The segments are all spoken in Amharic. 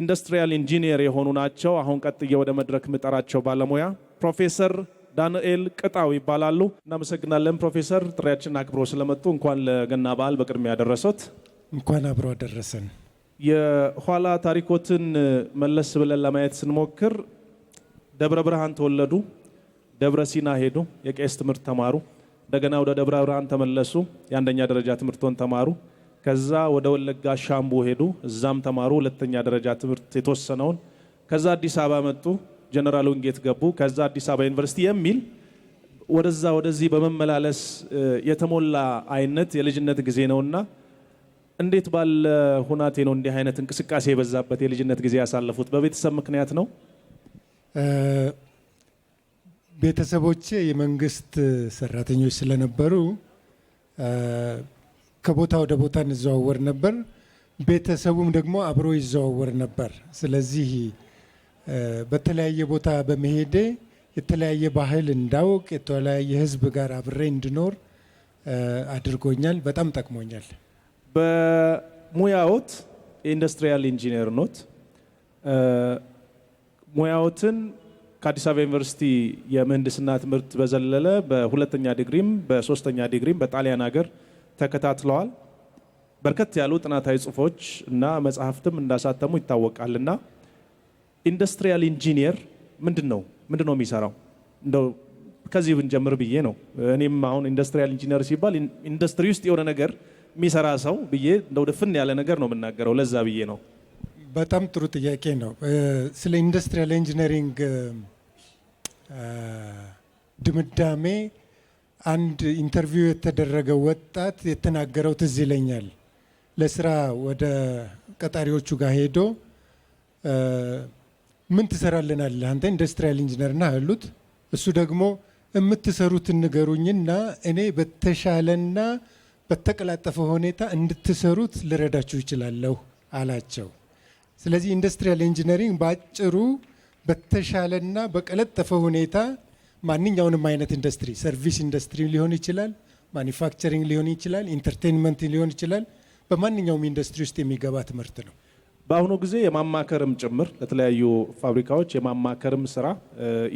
ኢንዱስትሪያል ኢንጂኒየር የሆኑ ናቸው። አሁን ቀጥዬ ወደ መድረክ የምጠራቸው ባለሙያ ፕሮፌሰር ዳንኤል ቅጣው ይባላሉ። እናመሰግናለን ፕሮፌሰር፣ ጥሪያችን አክብሮ ስለመጡ እንኳን ለገና በዓል በቅድሚያ ያደረሶት። እንኳን አብሮ አደረሰን። የኋላ ታሪኮትን መለስ ብለን ለማየት ስንሞክር ደብረ ብርሃን ተወለዱ፣ ደብረ ሲና ሄዱ፣ የቄስ ትምህርት ተማሩ፣ እንደገና ወደ ደብረ ብርሃን ተመለሱ፣ የአንደኛ ደረጃ ትምህርቶን ተማሩ ከዛ ወደ ወለጋ ሻምቡ ሄዱ። እዛም ተማሩ፣ ሁለተኛ ደረጃ ትምህርት የተወሰነውን። ከዛ አዲስ አበባ መጡ፣ ጀነራል ወንጌት ገቡ። ከዛ አዲስ አበባ ዩኒቨርሲቲ የሚል ወደዛ ወደዚህ በመመላለስ የተሞላ አይነት የልጅነት ጊዜ ነውና እንዴት ባለ ሁናቴ ነው እንዲህ አይነት እንቅስቃሴ የበዛበት የልጅነት ጊዜ ያሳለፉት? በቤተሰብ ምክንያት ነው? ቤተሰቦቼ የመንግስት ሰራተኞች ስለነበሩ ከቦታ ወደ ቦታ እንዘዋወር ነበር። ቤተሰቡም ደግሞ አብሮ ይዘዋወር ነበር። ስለዚህ በተለያየ ቦታ በመሄዴ የተለያየ ባህል እንዳውቅ፣ የተለያየ ህዝብ ጋር አብሬ እንድኖር አድርጎኛል። በጣም ጠቅሞኛል። በሙያዎት የኢንዱስትሪያል ኢንጂነር ኖት። ሙያዎትን ከአዲስ አበባ ዩኒቨርሲቲ የምህንድስና ትምህርት በዘለለ በሁለተኛ ዲግሪም በሶስተኛ ዲግሪም በጣሊያን ሀገር ተከታትለዋል። በርከት ያሉ ጥናታዊ ጽሁፎች እና መጽሐፍትም እንዳሳተሙ ይታወቃል። እና ኢንዱስትሪያል ኢንጂኒየር ምንድን ነው ምንድን ነው የሚሰራው? እንደው ከዚህ ብንጀምር ብዬ ነው። እኔም አሁን ኢንዱስትሪያል ኢንጂኒየር ሲባል ኢንዱስትሪ ውስጥ የሆነ ነገር የሚሰራ ሰው ብዬ እንደው ድፍን ያለ ነገር ነው የምናገረው። ለዛ ብዬ ነው። በጣም ጥሩ ጥያቄ ነው። ስለ ኢንዱስትሪያል ኢንጂነሪንግ ድምዳሜ አንድ ኢንተርቪው የተደረገ ወጣት የተናገረው ትዝ ይለኛል። ለስራ ወደ ቀጣሪዎቹ ጋር ሄዶ ምን ትሰራልናለህ አንተ ኢንዱስትሪያል ኢንጂነር ነህ አሉት። እሱ ደግሞ የምትሰሩትን ንገሩኝና እኔ በተሻለና በተቀላጠፈ ሁኔታ እንድትሰሩት ልረዳችሁ ይችላለሁ አላቸው። ስለዚህ ኢንዱስትሪያል ኢንጂነሪንግ በአጭሩ በተሻለና በቀለጠፈ ሁኔታ ማንኛውንም አይነት ኢንዱስትሪ ሰርቪስ ኢንዱስትሪ ሊሆን ይችላል፣ ማኒፋክቸሪንግ ሊሆን ይችላል፣ ኢንተርቴንመንት ሊሆን ይችላል። በማንኛውም ኢንዱስትሪ ውስጥ የሚገባ ትምህርት ነው። በአሁኑ ጊዜ የማማከርም ጭምር ለተለያዩ ፋብሪካዎች የማማከርም ስራ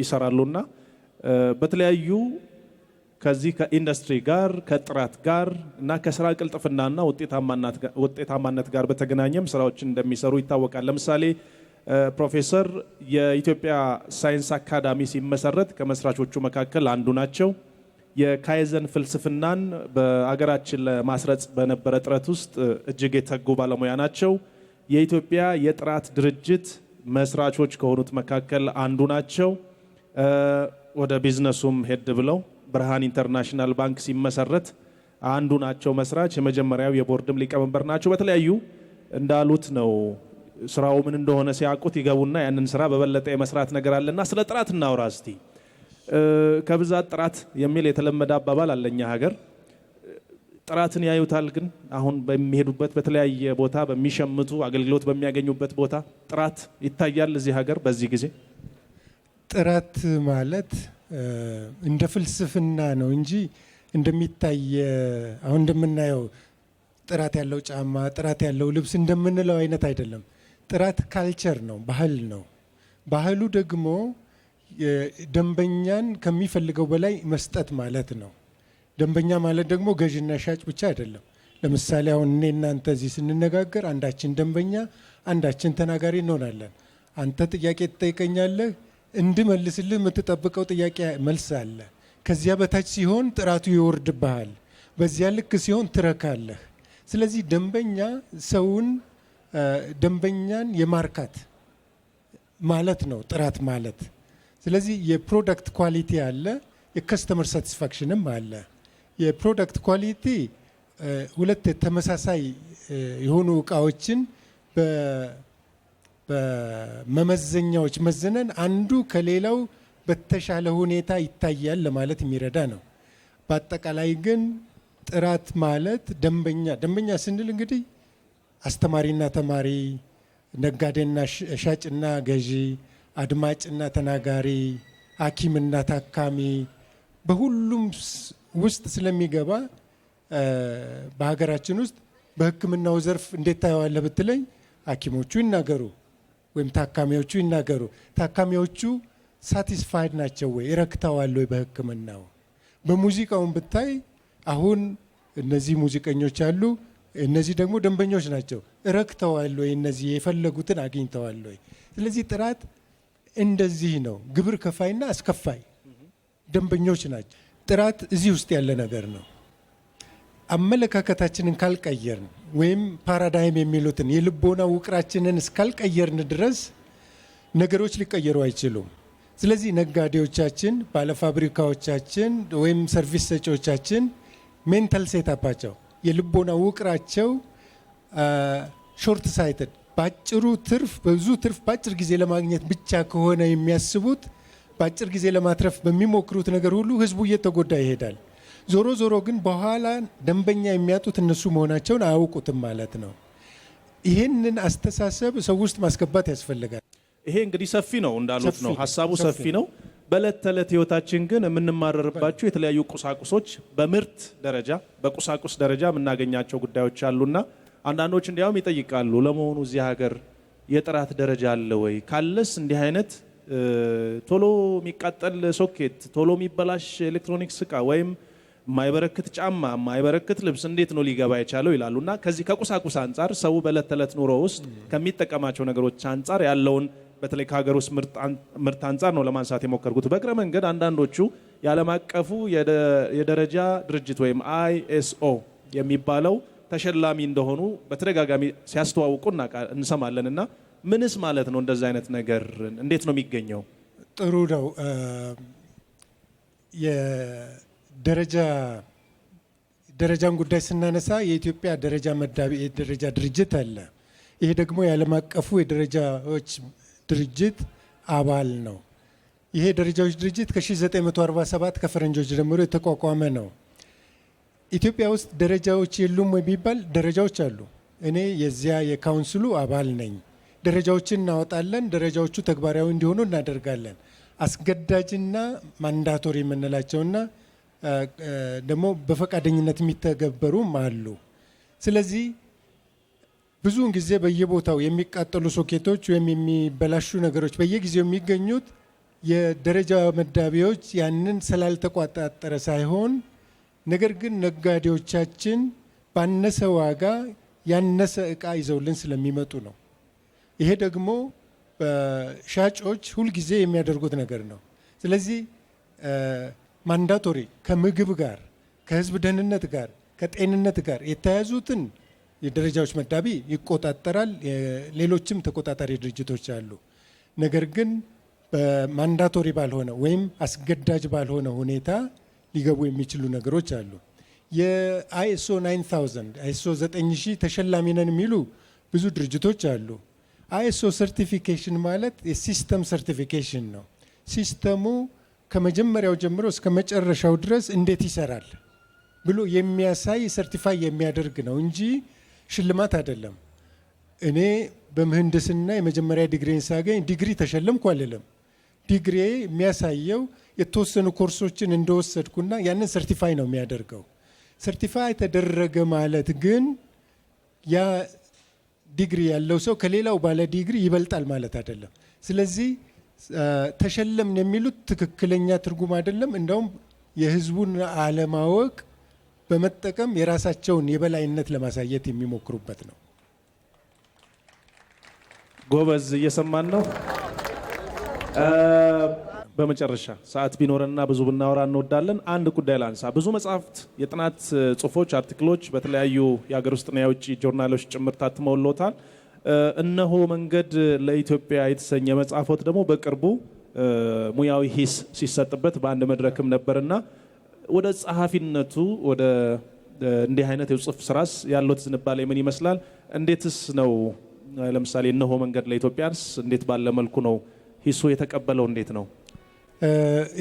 ይሰራሉና በተለያዩ ከዚህ ከኢንዱስትሪ ጋር ከጥራት ጋር እና ከስራ ቅልጥፍናና ውጤታማነት ጋር በተገናኘም ስራዎችን እንደሚሰሩ ይታወቃል። ለምሳሌ ፕሮፌሰር የኢትዮጵያ ሳይንስ አካዳሚ ሲመሰረት ከመስራቾቹ መካከል አንዱ ናቸው። የካይዘን ፍልስፍናን በአገራችን ለማስረጽ በነበረ ጥረት ውስጥ እጅግ የተጉ ባለሙያ ናቸው። የኢትዮጵያ የጥራት ድርጅት መስራቾች ከሆኑት መካከል አንዱ ናቸው። ወደ ቢዝነሱም ሄድ ብለው ብርሃን ኢንተርናሽናል ባንክ ሲመሰረት አንዱ ናቸው መስራች። የመጀመሪያው የቦርድም ሊቀመንበር ናቸው። በተለያዩ እንዳሉት ነው ስራው ምን እንደሆነ ሲያውቁት ይገቡና ያንን ስራ በበለጠ የመስራት ነገር አለና ስለ ጥራት እናውራ እስቲ። ከብዛት ጥራት የሚል የተለመደ አባባል አለኛ ሀገር ጥራትን ያዩታል፣ ግን አሁን በሚሄዱበት በተለያየ ቦታ በሚሸምቱ አገልግሎት በሚያገኙበት ቦታ ጥራት ይታያል። እዚህ ሀገር በዚህ ጊዜ ጥራት ማለት እንደ ፍልስፍና ነው እንጂ እንደሚታየ አሁን እንደምናየው ጥራት ያለው ጫማ፣ ጥራት ያለው ልብስ እንደምንለው አይነት አይደለም። ጥራት ካልቸር ነው፣ ባህል ነው። ባህሉ ደግሞ ደንበኛን ከሚፈልገው በላይ መስጠት ማለት ነው። ደንበኛ ማለት ደግሞ ገዥና ሻጭ ብቻ አይደለም። ለምሳሌ አሁን እኔ እናንተ እዚህ ስንነጋገር አንዳችን ደንበኛ፣ አንዳችን ተናጋሪ እንሆናለን። አንተ ጥያቄ ትጠይቀኛለህ፣ እንድመልስልህ የምትጠብቀው ጥያቄ መልስ አለ። ከዚያ በታች ሲሆን ጥራቱ ይወርድብሃል። በዚያ ልክ ሲሆን ትረካለህ። ስለዚህ ደንበኛ ሰውን ደንበኛን የማርካት ማለት ነው ጥራት ማለት። ስለዚህ የፕሮዳክት ኳሊቲ አለ፣ የከስተመር ሳቲስፋክሽንም አለ። የፕሮዳክት ኳሊቲ ሁለት ተመሳሳይ የሆኑ እቃዎችን በመመዘኛዎች መዝነን አንዱ ከሌላው በተሻለ ሁኔታ ይታያል ለማለት የሚረዳ ነው። በአጠቃላይ ግን ጥራት ማለት ደንበኛ ደንበኛ ስንል እንግዲህ አስተማሪና ተማሪ፣ ነጋዴና ሻጭና ገዢ፣ አድማጭና ተናጋሪ፣ ሐኪምና ታካሚ በሁሉም ውስጥ ስለሚገባ በሀገራችን ውስጥ በሕክምናው ዘርፍ እንዴት ታየዋለህ ብትለኝ ሐኪሞቹ ይናገሩ ወይም ታካሚዎቹ ይናገሩ። ታካሚዎቹ ሳቲስፋይድ ናቸው ወይ ረክተዋል ወይ በሕክምናው? በሙዚቃውን ብታይ አሁን እነዚህ ሙዚቀኞች አሉ እነዚህ ደግሞ ደንበኞች ናቸው። ረክተዋል ወይ? እነዚህ የፈለጉትን አግኝተዋል ወይ? ስለዚህ ጥራት እንደዚህ ነው። ግብር ከፋይና አስከፋይ ደንበኞች ናቸው። ጥራት እዚህ ውስጥ ያለ ነገር ነው። አመለካከታችንን ካልቀየርን ወይም ፓራዳይም የሚሉትን የልቦና ውቅራችንን እስካልቀየርን ድረስ ነገሮች ሊቀየሩ አይችሉም። ስለዚህ ነጋዴዎቻችን፣ ባለፋብሪካዎቻችን ወይም ሰርቪስ ሰጪዎቻችን ሜንታል ሴታፓቸው የልቦና ውቅራቸው ሾርት ሳይትድ በአጭሩ ትርፍ በብዙ ትርፍ በአጭር ጊዜ ለማግኘት ብቻ ከሆነ የሚያስቡት በአጭር ጊዜ ለማትረፍ በሚሞክሩት ነገር ሁሉ ህዝቡ እየተጎዳ ይሄዳል። ዞሮ ዞሮ ግን በኋላ ደንበኛ የሚያጡት እነሱ መሆናቸውን አያውቁትም ማለት ነው። ይህንን አስተሳሰብ ሰው ውስጥ ማስገባት ያስፈልጋል። ይሄ እንግዲህ ሰፊ ነው እንዳሉት ነው፣ ሀሳቡ ሰፊ ነው። በእለት ተዕለት ህይወታችን ግን የምንማረርባቸው የተለያዩ ቁሳቁሶች በምርት ደረጃ በቁሳቁስ ደረጃ የምናገኛቸው ጉዳዮች አሉና አንዳንዶች እንዲያውም ይጠይቃሉ፣ ለመሆኑ እዚህ ሀገር የጥራት ደረጃ አለ ወይ? ካለስ እንዲህ አይነት ቶሎ የሚቃጠል ሶኬት፣ ቶሎ የሚበላሽ ኤሌክትሮኒክስ እቃ ወይም የማይበረክት ጫማ፣ የማይበረክት ልብስ እንዴት ነው ሊገባ የቻለው ይላሉ እና ከዚህ ከቁሳቁስ አንጻር ሰው በዕለት ተዕለት ኑሮ ውስጥ ከሚጠቀማቸው ነገሮች አንጻር ያለውን በተለይ ከሀገር ውስጥ ምርት አንጻር ነው ለማንሳት የሞከርኩት። በእግረ መንገድ አንዳንዶቹ የዓለም አቀፉ የደረጃ ድርጅት ወይም አይኤስኦ የሚባለው ተሸላሚ እንደሆኑ በተደጋጋሚ ሲያስተዋውቁ እንሰማለን። እና ምንስ ማለት ነው? እንደዚህ አይነት ነገር እንዴት ነው የሚገኘው? ጥሩ ነው። የደረጃ ደረጃን ጉዳይ ስናነሳ የኢትዮጵያ ደረጃ መዳቢ የደረጃ ድርጅት አለ። ይሄ ደግሞ የዓለም አቀፉ የደረጃዎች ድርጅት አባል ነው። ይሄ ደረጃዎች ድርጅት ከ1947 ከፈረንጆች ጀምሮ የተቋቋመ ነው። ኢትዮጵያ ውስጥ ደረጃዎች የሉም ወይ ቢባል ደረጃዎች አሉ። እኔ የዚያ የካውንስሉ አባል ነኝ። ደረጃዎችን እናወጣለን። ደረጃዎቹ ተግባራዊ እንዲሆኑ እናደርጋለን። አስገዳጅና ማንዳቶሪ የምንላቸውና ደግሞ በፈቃደኝነት የሚተገበሩም አሉ። ስለዚህ ብዙውን ጊዜ በየቦታው የሚቃጠሉ ሶኬቶች ወይም የሚበላሹ ነገሮች በየጊዜው የሚገኙት የደረጃ መዳቢያዎች ያንን ስላልተቆጣጠረ ሳይሆን ነገር ግን ነጋዴዎቻችን ባነሰ ዋጋ ያነሰ እቃ ይዘውልን ስለሚመጡ ነው። ይሄ ደግሞ ሻጮች ሁልጊዜ የሚያደርጉት ነገር ነው። ስለዚህ ማንዳቶሪ ከምግብ ጋር ከህዝብ ደህንነት ጋር ከጤንነት ጋር የተያያዙትን የደረጃዎች መዳቢ ይቆጣጠራል። ሌሎችም ተቆጣጣሪ ድርጅቶች አሉ። ነገር ግን በማንዳቶሪ ባልሆነ ወይም አስገዳጅ ባልሆነ ሁኔታ ሊገቡ የሚችሉ ነገሮች አሉ። የአይኤስኦ 9000 አይኤስኦ 9000 ተሸላሚ ነን የሚሉ ብዙ ድርጅቶች አሉ። አይኤስኦ ሰርቲፊኬሽን ማለት የሲስተም ሰርቲፊኬሽን ነው። ሲስተሙ ከመጀመሪያው ጀምሮ እስከ መጨረሻው ድረስ እንዴት ይሰራል ብሎ የሚያሳይ ሰርቲፋይ የሚያደርግ ነው እንጂ ሽልማት አይደለም። እኔ በምህንድስና የመጀመሪያ ዲግሪን ሳገኝ ዲግሪ ተሸለምኩ አልልም። ዲግሪ የሚያሳየው የተወሰኑ ኮርሶችን እንደወሰድኩና ያንን ሰርቲፋይ ነው የሚያደርገው። ሰርቲፋይ ተደረገ ማለት ግን ያ ዲግሪ ያለው ሰው ከሌላው ባለ ዲግሪ ይበልጣል ማለት አይደለም። ስለዚህ ተሸለምን የሚሉት ትክክለኛ ትርጉም አይደለም። እንደውም የህዝቡን አለማወቅ በመጠቀም የራሳቸውን የበላይነት ለማሳየት የሚሞክሩበት ነው። ጎበዝ፣ እየሰማን ነው። በመጨረሻ ሰዓት ቢኖረና ብዙ ብናወራ እንወዳለን። አንድ ጉዳይ ላንሳ። ብዙ መጽሐፍት፣ የጥናት ጽሁፎች፣ አርቲክሎች በተለያዩ የሀገር ውስጥና የውጭ ጆርናሎች ጭምር ታትመውሎታል። እነሆ መንገድ ለኢትዮጵያ የተሰኘ መጽሐፎት ደግሞ በቅርቡ ሙያዊ ሂስ ሲሰጥበት በአንድ መድረክም ነበርና ወደ ጸሐፊነቱ ወደ እንዲህ አይነት የጽሁፍ ስራስ ያለት ዝንባሌ ምን ይመስላል? እንዴትስ ነው ለምሳሌ እነሆ መንገድ ለኢትዮጵያንስ እንዴት ባለ መልኩ ነው ሂሶ የተቀበለው? እንዴት ነው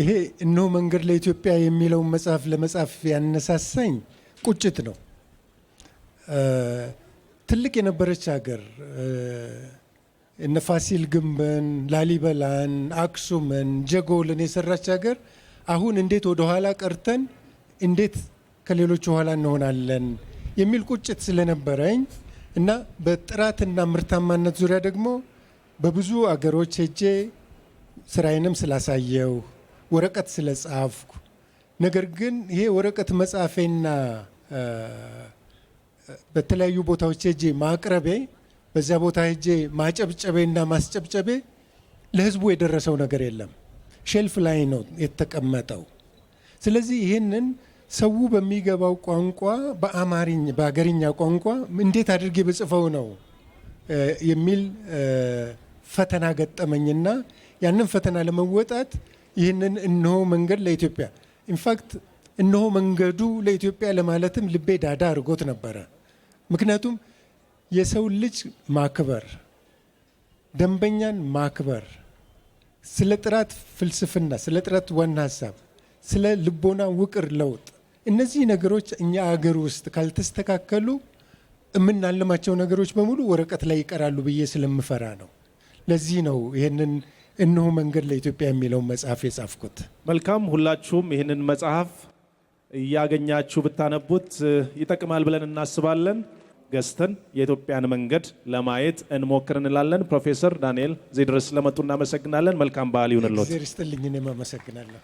ይሄ እነሆ መንገድ ለኢትዮጵያ የሚለውን መጽሐፍ ለመጻፍ ያነሳሳኝ ቁጭት ነው። ትልቅ የነበረች ሀገር እነ ፋሲል ግንብን፣ ላሊበላን፣ አክሱምን፣ ጀጎልን የሰራች ሀገር አሁን እንዴት ወደኋላ ቀርተን እንዴት ከሌሎች ኋላ እንሆናለን የሚል ቁጭት ስለነበረኝ እና በጥራትና ምርታማነት ዙሪያ ደግሞ በብዙ አገሮች ሄጄ ስራዬንም ስላሳየው ወረቀት ስለጻፍኩ ነገር ግን ይሄ ወረቀት መጻፌና በተለያዩ ቦታዎች ሄጄ ማቅረቤ በዚያ ቦታ ሄጄ ማጨብጨቤና ማስጨብጨቤ ለህዝቡ የደረሰው ነገር የለም። ሼልፍ ላይ ነው የተቀመጠው። ስለዚህ ይህንን ሰው በሚገባው ቋንቋ በአማርኛ በአገርኛ ቋንቋ እንዴት አድርጌ ብጽፈው ነው የሚል ፈተና ገጠመኝና ያንን ፈተና ለመወጣት ይህንን እነሆ መንገድ ለኢትዮጵያ ኢንፋክት እነሆ መንገዱ ለኢትዮጵያ ለማለትም ልቤ ዳዳ አድርጎት ነበረ። ምክንያቱም የሰው ልጅ ማክበር፣ ደንበኛን ማክበር ስለ ጥራት ፍልስፍና፣ ስለ ጥራት ዋና ሀሳብ፣ ስለ ልቦና ውቅር ለውጥ፣ እነዚህ ነገሮች እኛ አገር ውስጥ ካልተስተካከሉ የምናልማቸው ነገሮች በሙሉ ወረቀት ላይ ይቀራሉ ብዬ ስለምፈራ ነው። ለዚህ ነው ይህንን እነሆ መንገድ ለኢትዮጵያ የሚለውን መጽሐፍ የጻፍኩት። መልካም፣ ሁላችሁም ይህንን መጽሐፍ እያገኛችሁ ብታነቡት ይጠቅማል ብለን እናስባለን። ገዝተን የኢትዮጵያን መንገድ ለማየት እንሞክር እንላለን። ፕሮፌሰር ዳንኤል እዚህ ድረስ ስለመጡ እናመሰግናለን። መልካም ባህል ይሁንልዎት። ስትልኝ አመሰግናለሁ።